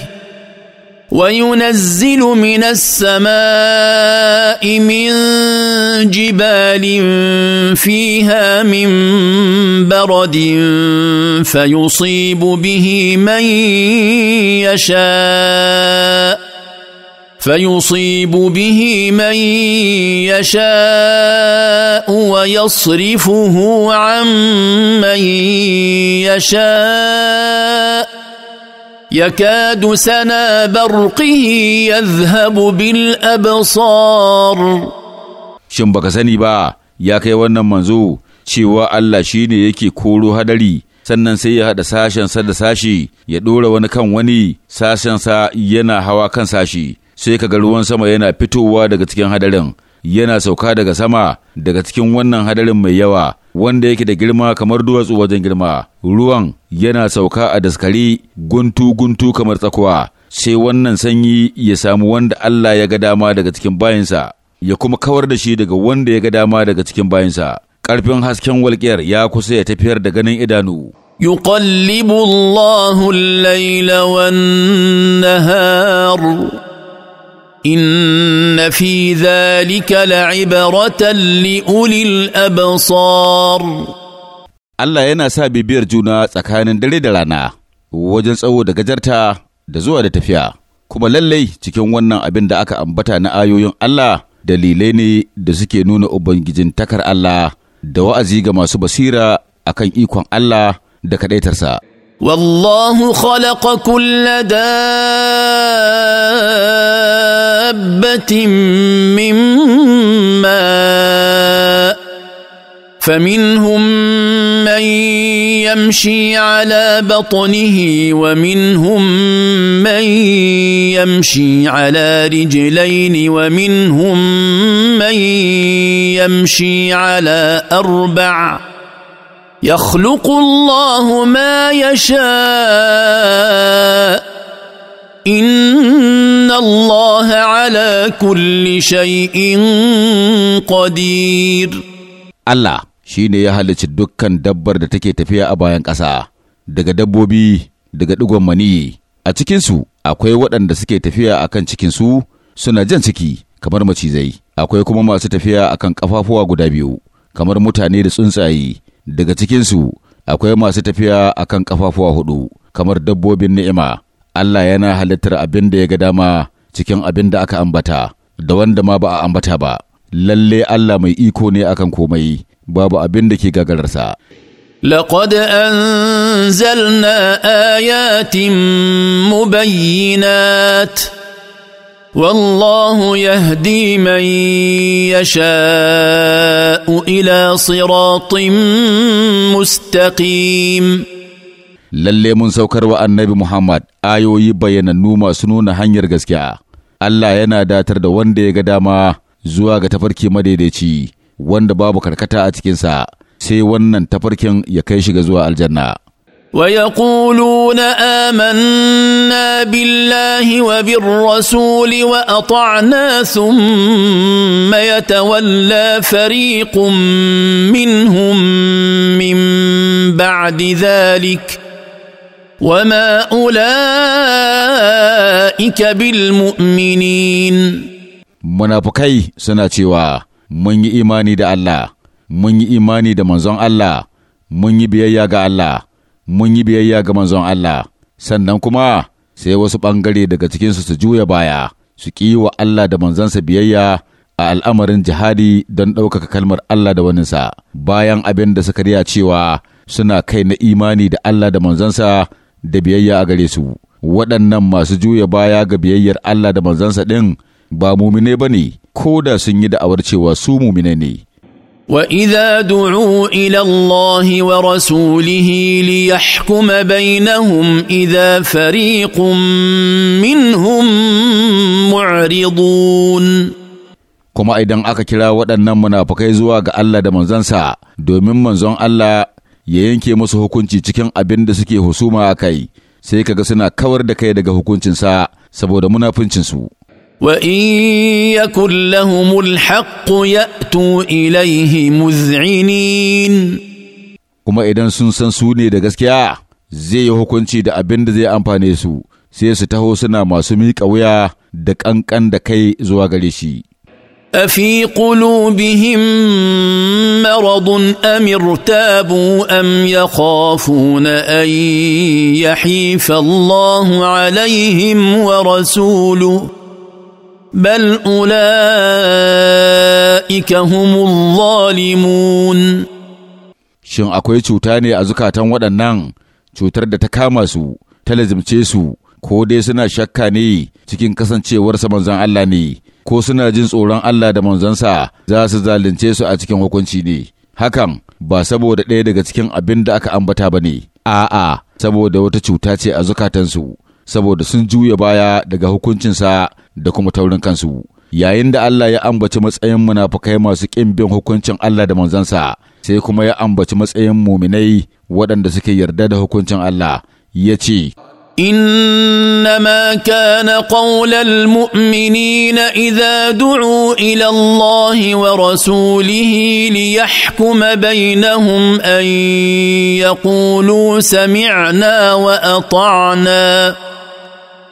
وينزل من السماء من جبال فيها من برد فيصيب به من يشاء فيصيب به من يشاء ويصرفه عن من يشاء يكاد سنا برقه يذهب بالابصار shin baka sani ba ya kai wannan manzo cewa Allah shi ne yake koro hadari sannan sai ya haɗa sashensa da sashi ya ɗora wani kan wani sashensa yana hawa kan sashi sai ka ga ruwan sama yana fitowa daga cikin hadarin yana sauka daga sama daga cikin wannan hadarin mai yawa wanda yake da girma kamar duwatsu wajen girma ruwan yana sauka a daskari guntu guntu kamar tsakuwa sai wannan sanyi ya samu wanda Allah ya ga dama daga cikin bayinsa ya kuma kawar da shi daga wanda ya ga dama daga cikin bayinsa ƙarfin hasken walƙiyar ya kusa ya tafiyar da ganin idanu يقلب Laila الليل والنهار ان في ذلك لعبره لاولي الابصار Allah yana sa bibiyar juna tsakanin dare da rana wajen tsawo da gajarta da zuwa da tafiya kuma lallai cikin wannan abin da aka ambata na ayoyin Allah dalilai ne da suke nuna ubangijin takar Allah da wa'azi ga masu basira akan ikon Allah da kaɗaitarsa. والله خلق كل دابه من ماء فمنهم من يمشي على بطنه ومنهم من يمشي على رجلين ومنهم من يمشي على اربع يخلق الله ما يشاء ان الله على كل شيء قدير الله shine ya halicci dukkan dabbar da take tafiya a bayan ƙasa daga dabbobi daga digon maniyi a cikinsu akwai waɗanda suke tafiya a kan cikinsu suna jan ciki kamar macizai akwai kuma masu tafiya a kan ƙafafuwa guda biyu kamar mutane da tsuntsaye daga cikinsu akwai masu tafiya a kan ƙafafuwa hudu kamar dabbobin ni'ima Allah yana halittar abin da ya ga dama cikin abin da aka ambata da wanda ma ba a ambata ba lalle Allah mai iko ne akan komai babu abin da ke gagararsa لقد أنزلنا آيات مبينات والله يهدي من يشاء الى صراط مستقيم lalle mun saukar wa annabi Muhammad ayoyi bayyanannu masu nuna hanyar gaskiya Allah yana datar da wanda ya ga dama zuwa ga tafarki madaidaici wanda babu karkata a cikinsa sai wannan tafarkin ya kai shi ga zuwa aljanna ويقولون امنا بالله وبالرسول واطعنا ثم يتولى فريق منهم من بعد ذلك وما اولئك بالمؤمنين munafukai suna cewa mun yi imani da Allah mun yi imani da manzon Allah mun yi biyayya ga Allah mun yi biyayya ga manzon Allah, sannan kuma sai wasu ɓangare daga cikinsu su juya baya, su ƙi wa Allah da manzansa biyayya a al'amarin jihadi don ɗaukaka kalmar Allah da waninsa, bayan abin da suka riya cewa suna kai na imani da Allah da manzansa da biyayya a gare su. Waɗannan masu juya baya ga biyayyar Allah da manzansa ɗin ba mumine ba ne, ko da sun yi da'awar cewa su mumine ne. واذا دعوا الى الله ورسوله ليحكم بينهم اذا فريق منهم معرضون kuma idan aka kira waɗannan munafukai zuwa ga Allah da manzansa domin manzon Allah ya yanke musu hukunci cikin abin da suke husuma a kai sai kaga suna kawar da kai daga hukuncinsa saboda munafuncinsu وان يكن لهم الحق ياتوا اليه مذعنين kuma idan sun san su ne da gaskiya zai yi hukunci da abin da zai amfane su sai su taho suna masu miƙa wuya da ƙanƙan da kai zuwa gare shi أفي قلوبهم مرض أم ارتابوا أم يخافون أن يحيف الله عليهم ورسوله بل أولئك هم الظالمون Shin akwai cuta ne a zukatan waɗannan cutar da ta kama su, ta lazimce su, ko dai suna shakka ne cikin kasancewarsa manzon Allah ne, ko suna jin tsoron Allah da manzansa za su zalunce su a cikin hukunci ne. Hakan ba saboda ɗaya daga cikin abin da aka ambata ba ne, a'a, saboda wata cuta ce a zukatansu, saboda sun juya baya daga hukuncinsa da kuma taurin kansu yayin da Allah ya ambaci matsayin munafukai masu ƙin bin hukuncin Allah da manzansa sai kuma ya ambaci matsayin muminai waɗanda suke yarda da hukuncin Allah ya ce انما كان قول المؤمنين اذا دعوا الى الله ورسوله ليحكم بينهم ان يقولوا سمعنا واطعنا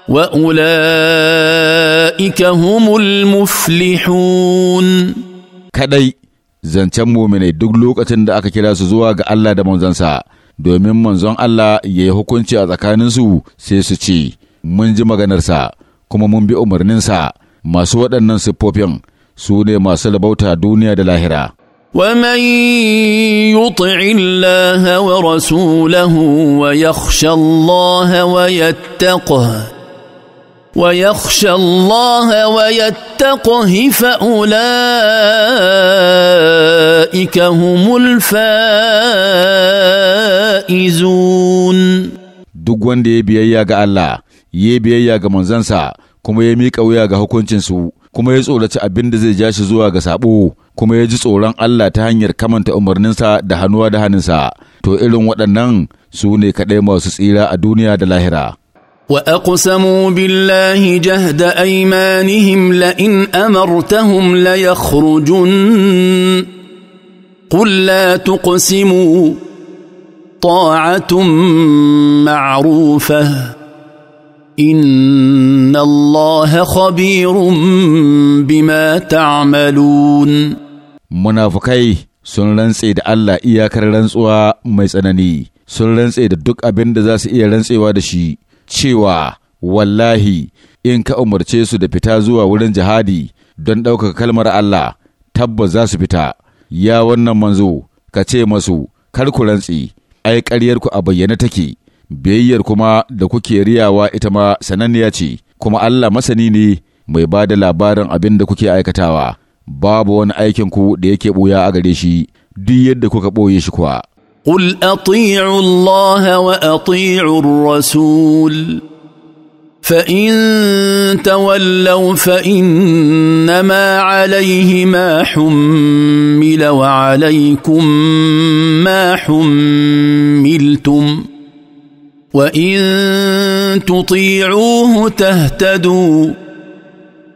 وأولئك هم المفلحون كدي zancen muminai duk lokacin da aka kira su zuwa ga Allah da manzansa domin manzon Allah ya yi hukunci a tsakanin su sai su ce mun ji maganarsa kuma mun bi umarninsa masu waɗannan siffofin su ne masu labauta duniya da lahira ومن يطع الله ورسوله ويخشى الله ويتقه ويخشى الله ويتقه فاولئك هم الفائزون duk wanda ya biyayya ga Allah ya biyayya ga manzansa kuma ya miƙa wuya ga hukuncinsu kuma ya tsoraci abin da zai ja shi zuwa ga sabo kuma ya ji tsoron Allah ta hanyar kamanta umarninsa da hannuwa da hannunsa to irin waɗannan su ne kaɗai masu tsira a duniya da lahira واقسموا بالله جهد ايمانهم لئن امرتهم ليخرجن قل لا تقسموا طاعه معروفه ان الله خبير بما تعملون منافقي sun rantse الله Allah iyakar rantsuwa mai tsanani sun rantse da duk abin da za cewa wallahi in ka umarce su da fita zuwa wurin jihadi don ɗaukaka kalmar Allah tabbas za su fita ya wannan manzo ka ce masu kar ku rantsi ai ƙaryarku a bayyane take biyayyar kuma da kuke riyawa ita ma sananniya ce kuma Allah masani ne mai ba da labarin abin da kuke aikatawa babu wani aikinku da yake ɓuya a gare shi duk yadda kuka ɓoye shi kuwa. قل اطيعوا الله واطيعوا الرسول فان تولوا فانما عليه ما حمل وعليكم ما حملتم وان تطيعوه تهتدوا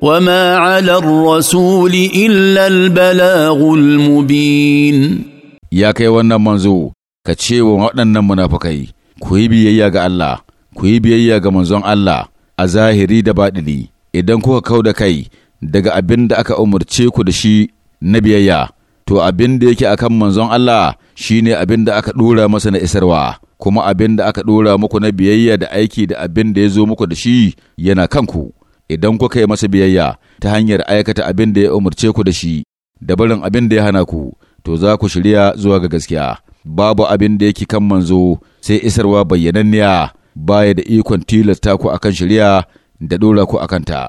وما على الرسول الا البلاغ المبين يا kai wannan ka ce wa waɗannan munafukai, ku yi biyayya ga Allah, ku yi biyayya ga manzon Allah a zahiri da baɗini, idan kuka kau da kai daga abin da aka umarce ku da shi na biyayya, to abin da yake akan manzon Allah shi ne abin da aka ɗora masa na isarwa, kuma abin da aka ɗora muku na biyayya da aiki da abin da ya zo muku da shi yana kanku. Idan kuka yi masa biyayya ta hanyar aikata abin da ya umarce ku da shi, da barin abin da ya hana ku, to za ku shirya zuwa ga gaskiya. babu abin da yake kan manzo sai isarwa bayyananniya baya da ikon tilasta ku akan shari'a da dora ku akan ta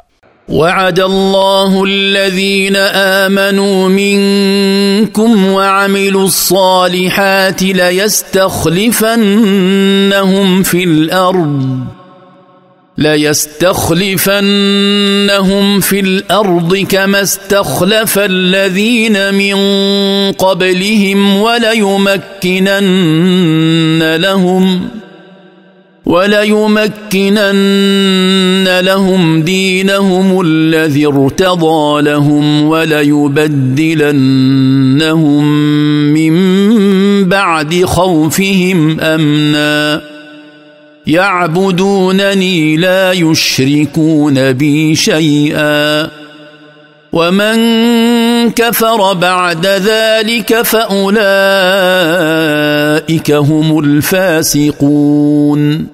وعد الله الذين امنوا منكم وعملوا الصالحات ليستخلفنهم في الارض ليستخلفنهم في الارض كما استخلف الذين من قبلهم وليمكنن لهم وليمكنن لهم دينهم الذي ارتضى لهم وليبدلنهم من بعد خوفهم امنا يعبدونني لا يشركون بي شيئا ومن كفر بعد ذلك فاولئك هم الفاسقون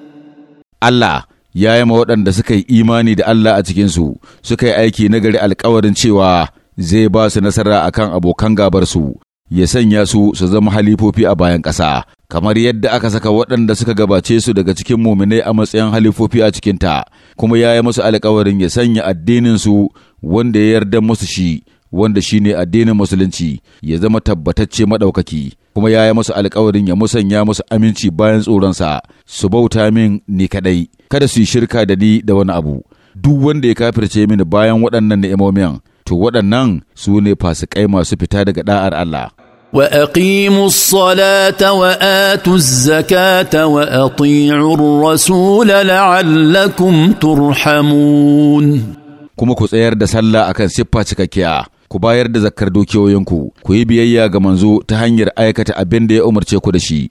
الله ya yi waɗanda suka yi imani da Allah a cikinsu suka yi aiki nagari alkawarin cewa zai ba su nasara akan abokan gabarsu ya sanya su su zama halifofi a bayan ƙasa kamar yadda aka saka waɗanda suka gabace su daga cikin muminai a matsayin halifofi a cikinta, kuma ya yi musu alkawarin ya sanya addininsu wanda ya yarda musu shi, wanda shi ne addinin musulunci, ya zama tabbatacce maɗaukaki, kuma ya yi musu alkawarin ya musanya musu aminci bayan tsoronsa, su bauta min ni kaɗai, kada su yi shirka da ni da wani abu. Duk wanda ya kafirce mini bayan waɗannan ni'imomin, to waɗannan su ne fasikai masu fita daga ɗa'ar Allah. واقيموا الصلاه واتوا الزكاه واطيعوا الرسول لعلكم ترحمون kuma ku tsayar da sallah akan siffa cikakkiya ku bayar da zakkar dukiyoyinku ku yi biyayya ga manzo ta hanyar aikata abin da ya umarce ku da shi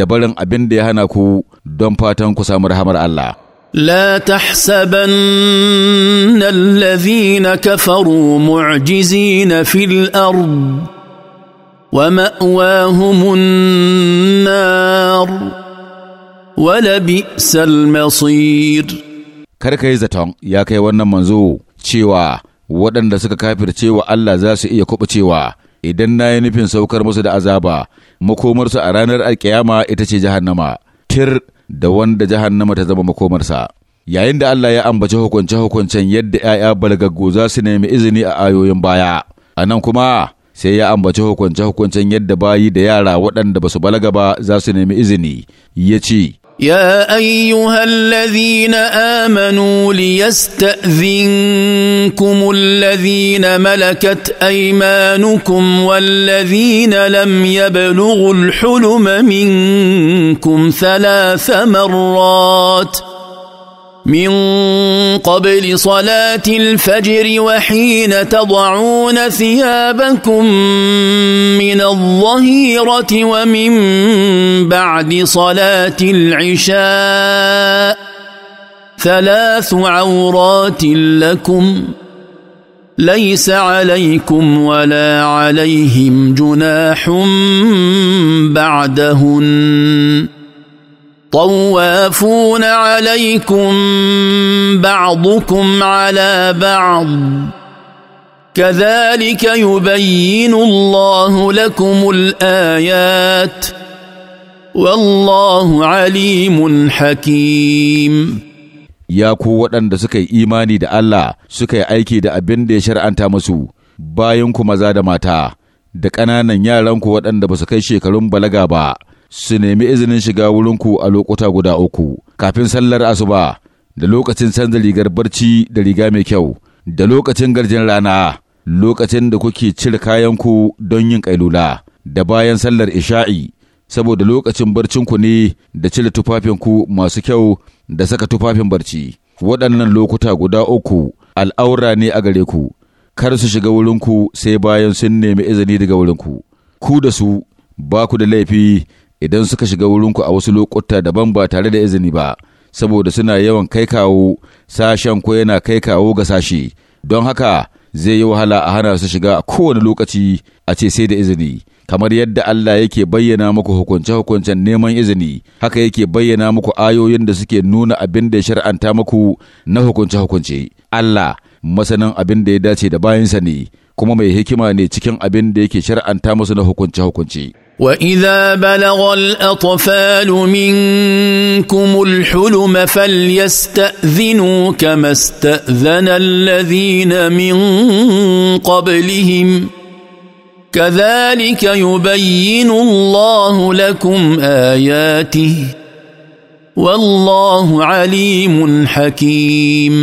da barin abin da ya hana ku don fatan ku samu rahamar Allah لا تحسبن الذين كفروا معجزين في الارض وماواهم النار ولبئس المصير karka yi zaton ya kai wannan manzo cewa waɗanda suka kafirce wa Allah za su iya kuɓucewa idan na yi nufin saukar musu da azaba makomarsu a ranar alkiyama ita ce jahannama tir da wanda jahannama ta zama makomarsa yayin da Allah ya ambaci hukunce-hukuncen yadda ‘ya'ya balagaggu za su nemi izini a ayoyin baya a nan kuma sai ya ambaci hukunce-hukuncen yadda bayi da yara waɗanda ba su balaga ba za su nemi izini ya ce يا ايها الذين امنوا ليستاذنكم الذين ملكت ايمانكم والذين لم يبلغوا الحلم منكم ثلاث مرات من قبل صلاة الفجر وحين تضعون ثيابكم من الظهيرة ومن بعد صلاة العشاء ثلاث عورات لكم ليس عليكم ولا عليهم جناح بعدهن طوافون عليكم بعضكم على بعض كذلك يبين الله لكم الايات والله عليم حكيم ya ko waɗanda suka yi imani da Allah suka yi aiki da abin da ya shar'anta musu bayan ku maza da mata da ƙananan yaranku waɗanda ba su kai shekarun balaga ba su nemi izinin shiga wurinku a lokuta guda uku kafin sallar asuba da lokacin canza rigar barci da riga mai kyau da lokacin garjin rana lokacin da kuke cire kayanku don yin kailula da bayan sallar isha'i saboda lokacin barcinku ne da cire tufafinku masu kyau da saka tufafin barci waɗannan lokuta guda uku al'aura ne a gare ku kar su shiga wurinku sai bayan sun nemi izini daga wurinku ku da su ba ku da laifi idan suka shiga wurinku a wasu lokuta daban ba tare da izini ba saboda suna yawan kai kawo sashen ko yana kai kawo ga sashe don haka zai yi wahala a hana su shiga kowane lokaci a ce sai da izini kamar yadda Allah yake bayyana muku hukunce-hukuncen neman izini haka yake bayyana muku ayoyin da suke nuna abin da ya shar'anta muku na hukunce-hukunce Allah masanin abin da ya dace da bayansa ne kuma mai hikima ne cikin abin da yake shar'anta musu na hukunce-hukunce واذا بلغ الاطفال منكم الحلم فليستاذنوا كما استاذن الذين من قبلهم كذلك يبين الله لكم اياته والله عليم حكيم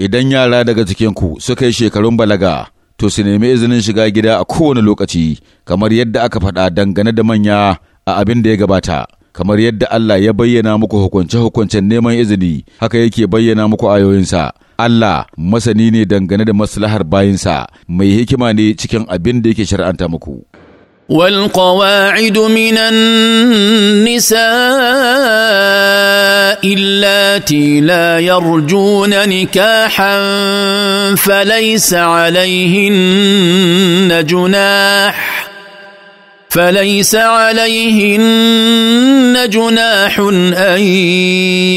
idan yara daga cikinku suka yi shekarun balaga to su nemi izinin shiga gida a kowane lokaci kamar yadda aka faɗa dangane da manya a abin da ya gabata kamar yadda Allah ya bayyana muku hukunce-hukuncen neman izini haka yake bayyana muku ayoyinsa Allah masani ne dangane da maslahar bayinsa mai hikima ne cikin abin da yake shar'anta muku والقواعد من النساء اللاتي لا يرجون نكاحا فليس عليهن جناح فليس عليهن جناح ان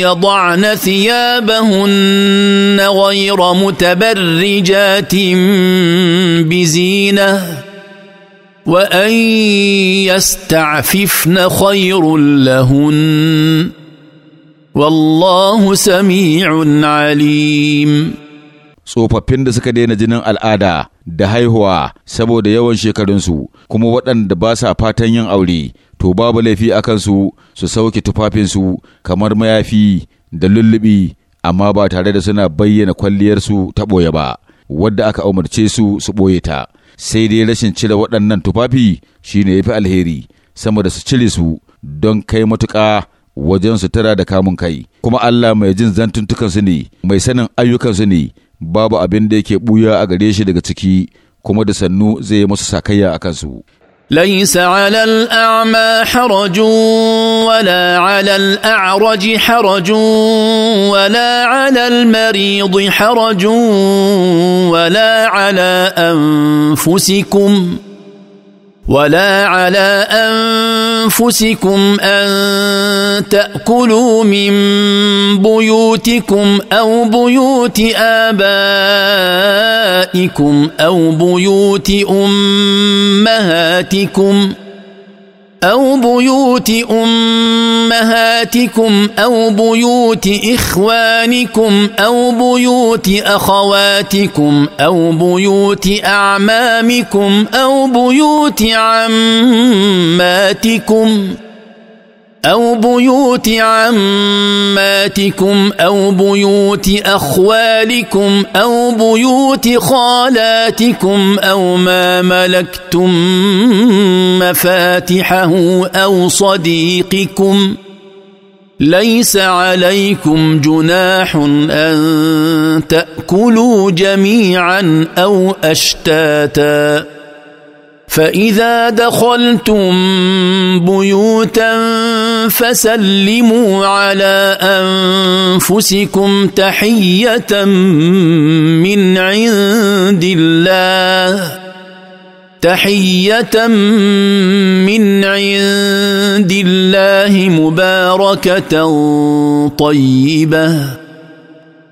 يضعن ثيابهن غير متبرجات بزينه وان يستعففن خير لهن والله سميع عليم tsofaffin da suka daina jinin al'ada da haihuwa saboda yawan shekarunsu kuma waɗanda ba sa fatan yin aure to babu laifi a kansu su sauke tufafinsu kamar mayafi da lullubi amma ba tare da suna bayyana kwalliyarsu ta ɓoye ba wadda aka umarce su su ɓoye ta sai dai rashin cire waɗannan tufafi shi ne ya fi alheri sama da su cire su don kai matuƙa wajen su tara da kamun kai kuma Allah mai jin zantuntukansu ne mai sanin ayyukansu ne babu abin da yake buya a gare shi daga ciki kuma da sannu zai yi musu sakayya a kansu. ولا على الأعرج حرج ولا على المريض حرج ولا على أنفسكم ولا على أنفسكم أن تأكلوا من بيوتكم أو بيوت آبائكم أو بيوت أمهاتكم ۖ أو بيوت أمهاتكم أو بيوت إخوانكم أو بيوت أخواتكم أو بيوت أعمامكم أو بيوت عماتكم أو بيوت عماتكم أو بيوت أخوالكم أو بيوت خالاتكم أو ما ملكتم مفاتحه أو صديقكم ليس عليكم جناح أن تأكلوا جميعا أو أشتاتا فاذا دخلتم بيوتا فسلموا على انفسكم تحيه من عند الله تحيه من عند الله مباركه طيبه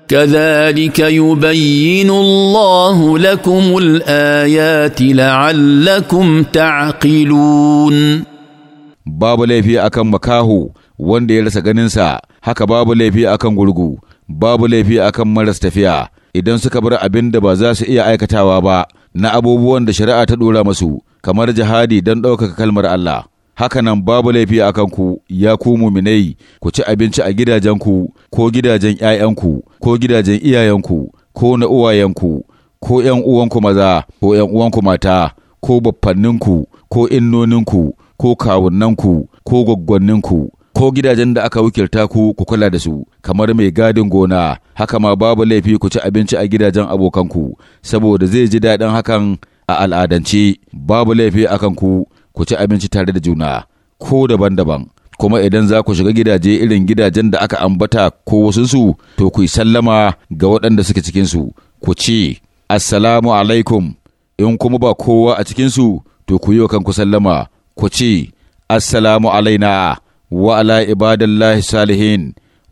كذلك يبين الله لكم الآيات لعلكم تعقلون babu laifi akan makaho wanda ya rasa ganinsa haka babu laifi akan gurgu babu laifi akan maras tafiya idan suka bar abin da ba za su iya aikatawa ba na abubuwan da shari'a ta ɗora masu kamar jihadi don ɗaukaka kalmar Allah haka nan babu laifi a kanku ya ku muminai ku ci abinci a gidajenku ko gidajen ‘ya'yanku ko gidajen iyayenku ko na uwayenku ko ‘yan uwanku maza ko ‘yan uwanku mata ko baffanninku ko innoninku ko kawunnanku ko gwaggwanninku ko gidajen da aka wukilta ku ku kula da su kamar mai gadin gona haka ma babu laifi ku ci abinci a gidajen abokanku saboda zai ji daɗin hakan a al'adance babu laifi a kanku. ku ci abinci tare da juna ko daban-daban kuma idan za ku shiga gidaje irin gidajen da aka ambata ko wasunsu to ku yi sallama ga waɗanda suke cikinsu ku ce assalamu alaikum in kuma ba kowa a cikinsu to ku yi wa kanku sallama ku ce assalamu alaina wa ala ibadallahi salihin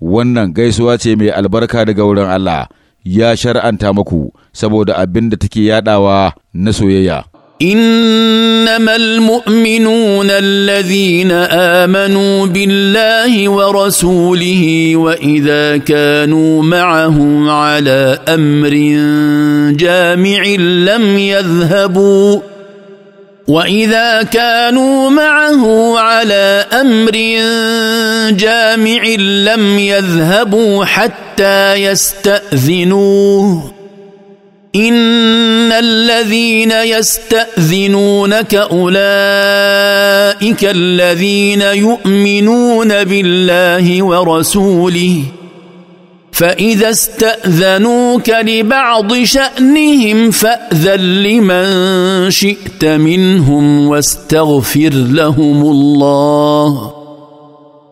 wannan gaisuwa ce mai albarka daga wurin Allah ya shar'anta muku saboda abin da take yadawa na soyayya انما المؤمنون الذين امنوا بالله ورسوله واذا كانوا معه على امر جامع لم يذهبوا واذا كانوا معه على امر جامع لم يذهبوا حتى يستاذنوه ان الذين يستاذنونك اولئك الذين يؤمنون بالله ورسوله فاذا استاذنوك لبعض شانهم فاذن لمن شئت منهم واستغفر لهم الله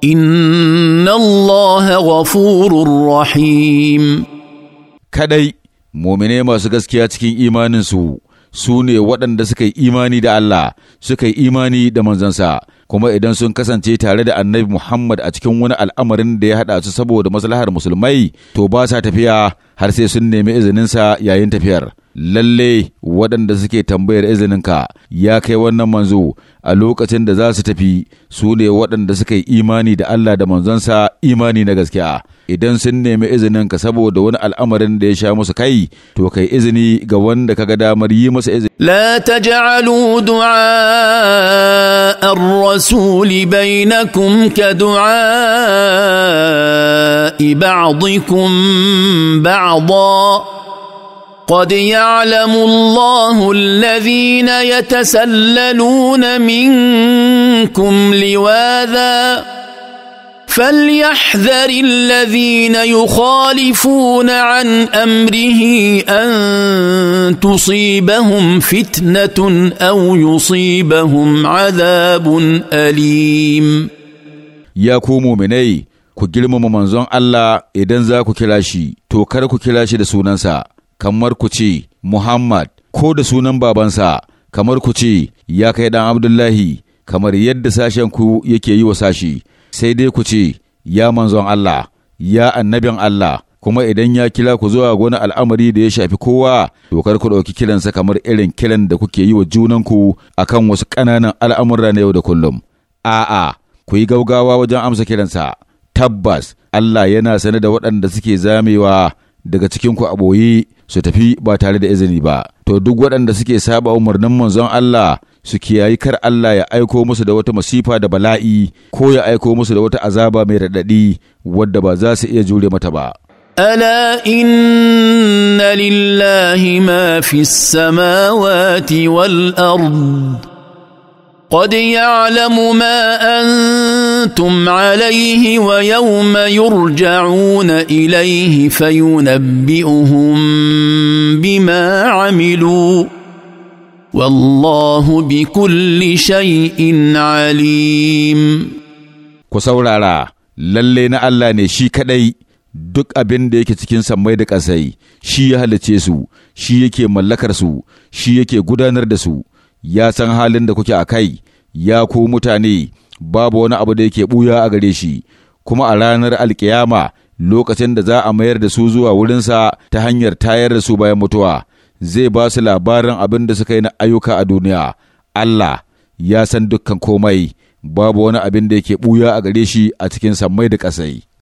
ان الله غفور رحيم كدي mumine masu gaskiya cikin imaninsu su ne waɗanda suka yi imani da Allah suka yi imani da manzansa kuma idan sun kasance tare da annabi Muhammad a cikin wani al'amarin da ya haɗa su saboda maslahar musulmai to ba sa tafiya har sai sun nemi izininsa yayin tafiyar. lalle waɗanda suke tambayar izininka ya kai wannan manzo a lokacin da za su tafi su ne waɗanda suka yi imani da Allah da manzonsa imani na gaskiya idan sun nemi izininka saboda wani al'amarin da ya sha musu kai to kai izini ga wanda kaga damar yi masa izini la taj'alu du'a ar-rasul bainakum ka du'a ba'dikum ba'dha قد يعلم الله الذين يتسللون منكم لواذا فليحذر الذين يخالفون عن امره ان تصيبهم فتنه او يصيبهم عذاب اليم يا كومو مني ku girmama manzon Allah idan za ku kira shi, to kar ku kira shi da sunansa. kamar ku ce Muhammad ko da sunan babansa kamar ku ce ya kai dan Abdullahi kamar yadda sashen ku yake yi wa sashi sai dai ku ce ya manzon Allah ya annabin Allah kuma idan ya kila ku zuwa wani al'amari da ya shafi kowa dokar ku ɗauki kiransa kamar irin kiran da kuke yi wa junanku akan wasu ƙananan al'amura na yau da kullum a'a ku yi gaugawa wajen amsa kiransa tabbas Allah yana sane da waɗanda suke zamewa daga cikinku a ɓoye su tafi ba tare da izini ba to duk waɗanda suke saba umarnin manzon Allah su kiyayi kar Allah ya aiko musu da wata masifa da bala'i ko ya aiko musu da wata azaba mai raɗaɗi wadda ba za su iya jure mata ba ألا إن لله ما في السماوات والأرض قد يعلم ما انتم عليه ويوم يرجعون اليه فينبئهم بما عملوا والله بكل شيء عليم كسورارا lalle na Allah ne shi kaɗai duk abin da yake cikin sammai da ƙasai shi ya halicce su shi yake mallakar su shi yake gudanar da su ya san halin da kuke a kai, ya ku mutane, babu wani abu da yake ɓuya a gare shi, kuma a ranar alkiyama lokacin da za a mayar da su zuwa wurinsa ta hanyar tayar da su bayan mutuwa, zai ba su labarin abin da suka yi na ayyuka a duniya. Allah ya san dukkan komai, babu wani abin da yake ɓuya a gare shi a cikin sammai da ƙasai.